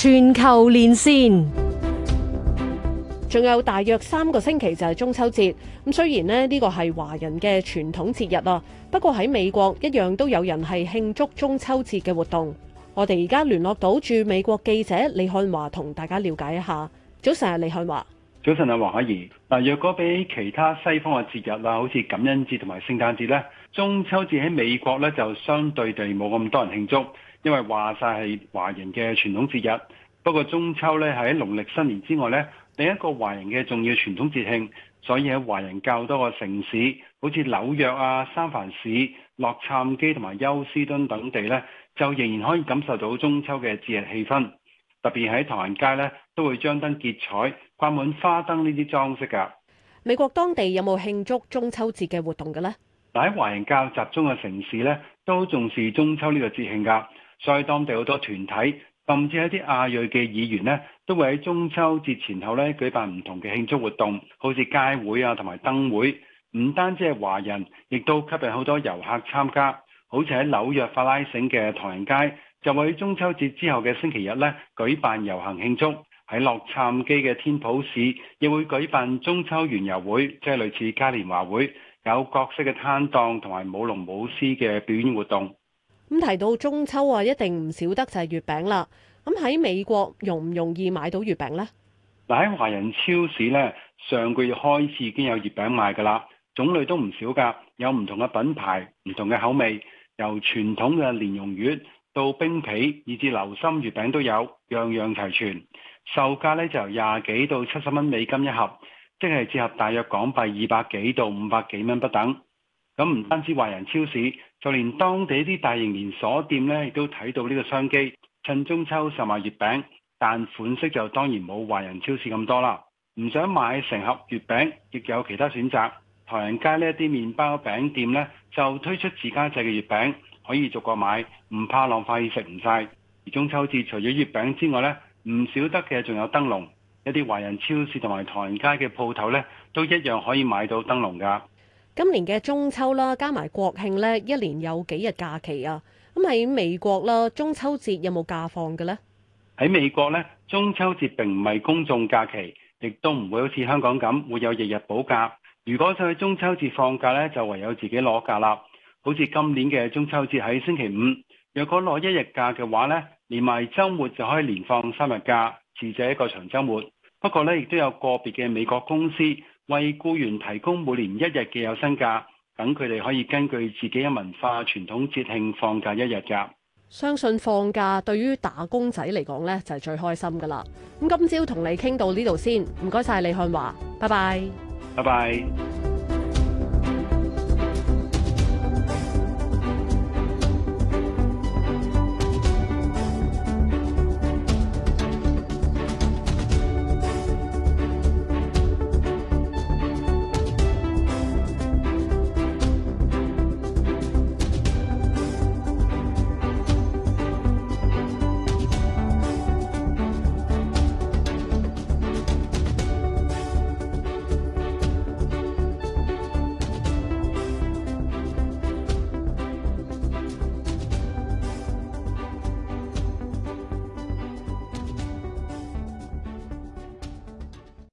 全球連線，仲有大約三個星期就係中秋節。咁雖然咧呢個係華人嘅傳統節日啊，不過喺美國一樣都有人係慶祝中秋節嘅活動。我哋而家聯絡到駐美國記者李漢華同大家了解一下。早晨啊，李漢華。早晨啊，黃凱宜。嗱，若果比其他西方嘅節日啊，好似感恩節同埋聖誕節呢。中秋節喺美國咧就相對地冇咁多人慶祝，因為話晒係華人嘅傳統節日。不過中秋咧係喺農曆新年之外咧另一個華人嘅重要傳統節慶，所以喺華人較多嘅城市，好似紐約啊、三藩市、洛杉磯同埋休斯敦等地咧，就仍然可以感受到中秋嘅節日氣氛。特別喺唐人街咧都會張燈結彩、掛滿花燈呢啲裝飾㗎。美國當地有冇慶祝中秋節嘅活動㗎咧？喺華人較集中嘅城市咧，都重視中秋呢個節慶㗎，所以當地好多團體，甚至一啲亞裔嘅議員呢，都會喺中秋節前後咧舉辦唔同嘅慶祝活動，好似街會啊，同埋燈會。唔單止係華人，亦都吸引好多遊客參加。好似喺紐約法拉盛嘅唐人街，就會喺中秋節之後嘅星期日咧舉辦遊行慶祝；喺洛杉磯嘅天普市，亦會舉辦中秋園遊會，即係類似嘉年華會。有各式嘅攤檔同埋舞龍舞獅嘅表演活動。咁提到中秋啊，一定唔少得就係月餅啦。咁喺美國容唔容易買到月餅呢？嗱，喺華人超市呢，上個月開始已經有月餅賣噶啦，種類都唔少噶，有唔同嘅品牌、唔同嘅口味，由傳統嘅蓮蓉月到冰皮，以至流心月餅都有，樣樣齊全。售價呢，就廿幾到七十蚊美金一盒。即係折合大約港幣二百幾到五百幾蚊不等，咁唔單止華人超市，就連當地啲大型連鎖店呢亦都睇到呢個商機，趁中秋售賣月餅，但款式就當然冇華人超市咁多啦。唔想買成盒月餅，亦有其他選擇。唐人街呢一啲麵包餅店呢，就推出自家製嘅月餅，可以逐個買，唔怕浪費食唔晒。而中秋節除咗月餅之外呢，唔少得嘅仲有燈籠。一啲華人超市同埋唐人街嘅鋪頭呢，都一樣可以買到燈籠噶。今年嘅中秋啦，加埋國慶呢，一年有幾日假期啊？咁喺美國啦，中秋節有冇假放嘅呢？喺美國呢，中秋節並唔係公眾假期，亦都唔會好似香港咁會有日日補假。如果想去中秋節放假呢，就唯有自己攞假啦。好似今年嘅中秋節喺星期五，若果攞一日假嘅話呢，連埋周末就可以連放三日假，自製一個長周末。不過咧，亦都有個別嘅美國公司為雇員提供每年一日嘅有薪假，等佢哋可以根據自己嘅文化傳統節慶放假一日噶。相信放假對於打工仔嚟講咧，就係、是、最開心噶啦。咁今朝同你傾到呢度先，唔該晒李漢華，拜拜，拜拜。